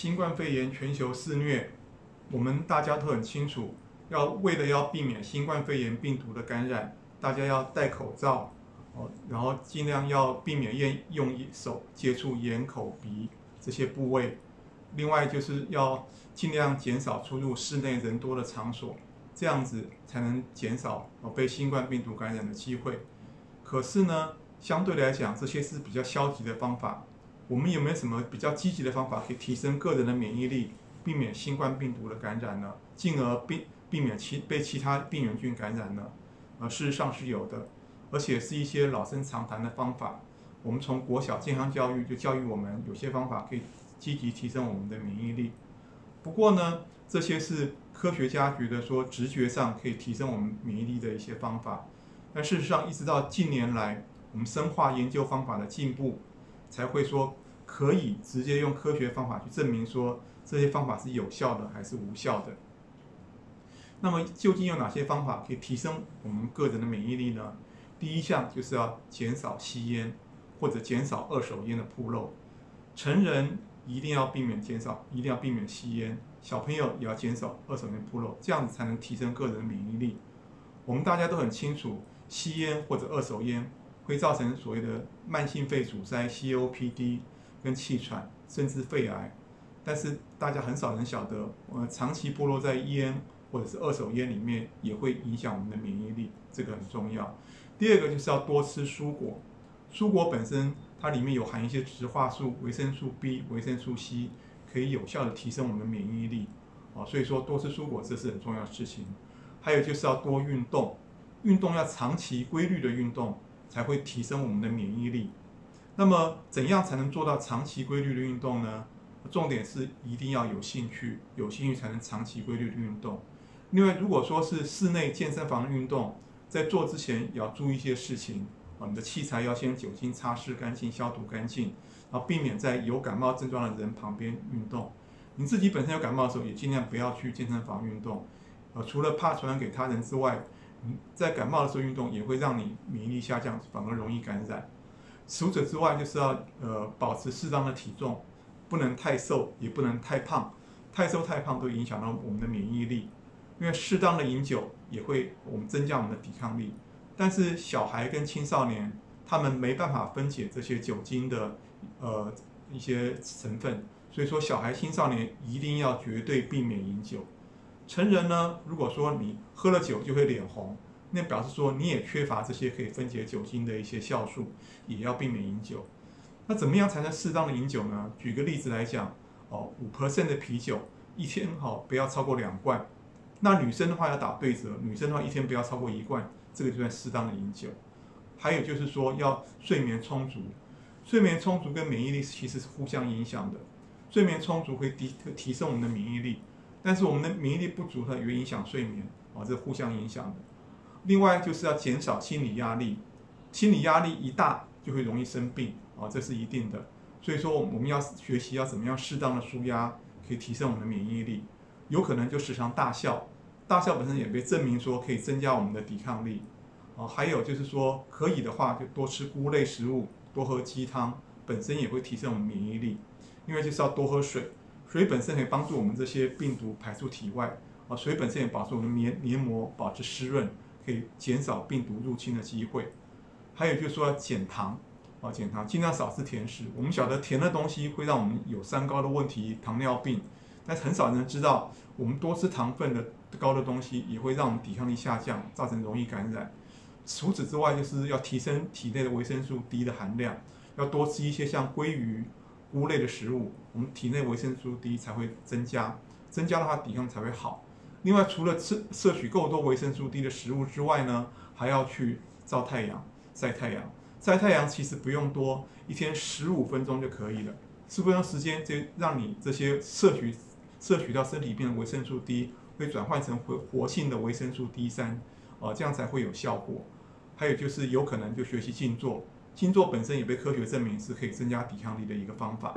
新冠肺炎全球肆虐，我們大家都很清楚，要為了要避免新冠肺炎病毒的感染，大家要戴口罩，哦，然後盡量要避免用用手接觸眼、口、鼻這些部位。另外，就是要盡量減少出入室內人多的場所，這樣子才能減少哦被新冠病毒感染的機會。可是呢，相對來講，這些是比較消極的方法。我們有沒有什麼比較積極的方法可以提升個人的免疫力，避免新冠病毒的感染呢？進而避避免其被其他病原菌感染呢？而，事實上是有的，而且是一些老生常談的方法。我們從國小健康教育就教育我們，有些方法可以積極提升我們的免疫力。不過呢，這些是科學家覺得說直覺上可以提升我們免疫力的一些方法。但事實上，一直到近年來，我們深化研究方法的進步，才會說。可以直接用科學方法去證明說這些方法是有效的還是無效的。那麼究竟有哪些方法可以提升我們個人的免疫力呢？第一項就是要減少吸菸，或者減少二手菸的暴露。成人一定要避免減少，一定要避免吸菸。小朋友也要減少二手菸暴露，這樣子才能提升個人的免疫力。我們大家都很清楚，吸菸或者二手菸會造成所謂的慢性肺阻塞 （COPD）。CO PD, 跟氣喘，甚至肺癌，但是大家很少人曉得，我們、呃、長期暴露在菸或者是二手菸裡面，也會影響我們的免疫力，這個很重要。第二個就是要多吃蔬果，蔬果本身它裡面有含一些植化素、維生素 B、維生素 C，可以有效的提升我們的免疫力，哦，所以說多吃蔬果這是很重要的事情。還有就是要多運動，運動要長期規律的運動，才會提升我們的免疫力。那麼怎樣才能做到長期規律的運動呢？重點是一定要有興趣，有興趣才能長期規律的運動。另外，如果說是室內健身房的運動，在做之前也要注意一些事情，啊，你的器材要先酒精擦拭乾淨、消毒乾淨，然後避免在有感冒症狀的人旁邊運動。你自己本身有感冒的時候，也儘量不要去健身房運動。呃，除了怕傳染給他人之外，嗯，在感冒的時候運動也會讓你免疫力下降，反而容易感染。除此之外，就是要呃保持適當的體重，不能太瘦，也不能太胖，太瘦太胖都影響到我們的免疫力。因為適當的飲酒也會我們增加我們的抵抗力，但是小孩跟青少年他們沒辦法分解這些酒精的呃一些成分，所以說小孩青少年一定要絕對避免飲酒。成人呢，如果說你喝了酒就會臉紅。那表示說你也缺乏這些可以分解酒精的一些酵素，也要避免飲酒。那怎麼樣才能適當的飲酒呢？舉個例子來講，哦，五 percent 的啤酒一天哦，不要超過兩罐。那女生的話要打對折，女生的話一天不要超過一罐，這個就算適當的飲酒。還有就是說要睡眠充足，睡眠充足跟免疫力其實是互相影響的。睡眠充足會提提升我們的免疫力，但是我們的免疫力不足呢，也會影響睡眠啊，這互相影響的。另外就是要減少心理壓力，心理壓力一大就會容易生病啊，這是一定的。所以說我們要學習要怎麼樣適當的紓壓，可以提升我們的免疫力。有可能就時常大笑，大笑本身也被證明說可以增加我們的抵抗力啊。還有就是說可以的話就多吃菇類食物，多喝雞湯，本身也會提升我們的免疫力。因為就是要多喝水，水本身可以幫助我們這些病毒排出體外啊，水本身也保持我們黏黏膜，保持濕潤。可以減少病毒入侵的機會，還有就是說要減糖啊，減糖，盡量少吃甜食。我們曉得甜的東西會讓我們有三高的問題，糖尿病。但是很少人知道，我們多吃糖分的高的東西，也會讓我們抵抗力下降，造成容易感染。除此之外，就是要提升體內的維生素 D 的含量，要多吃一些像鮭魚、菇類的食物，我們體內維生素 D 才會增加，增加的話，抵抗才會好。另外，除了攝攝取夠多維生素 D 的食物之外呢，還要去照太陽、曬太陽。曬太陽其實不用多，一天十五分鐘就可以了。十五分鐘時間就讓你這些攝取攝取到身體裡面的維生素 D 會轉換成活活性的維生素 D 三，啊，這樣才會有效果。還有就是有可能就學習靜坐，靜坐本身也被科學證明是可以增加抵抗力的一個方法。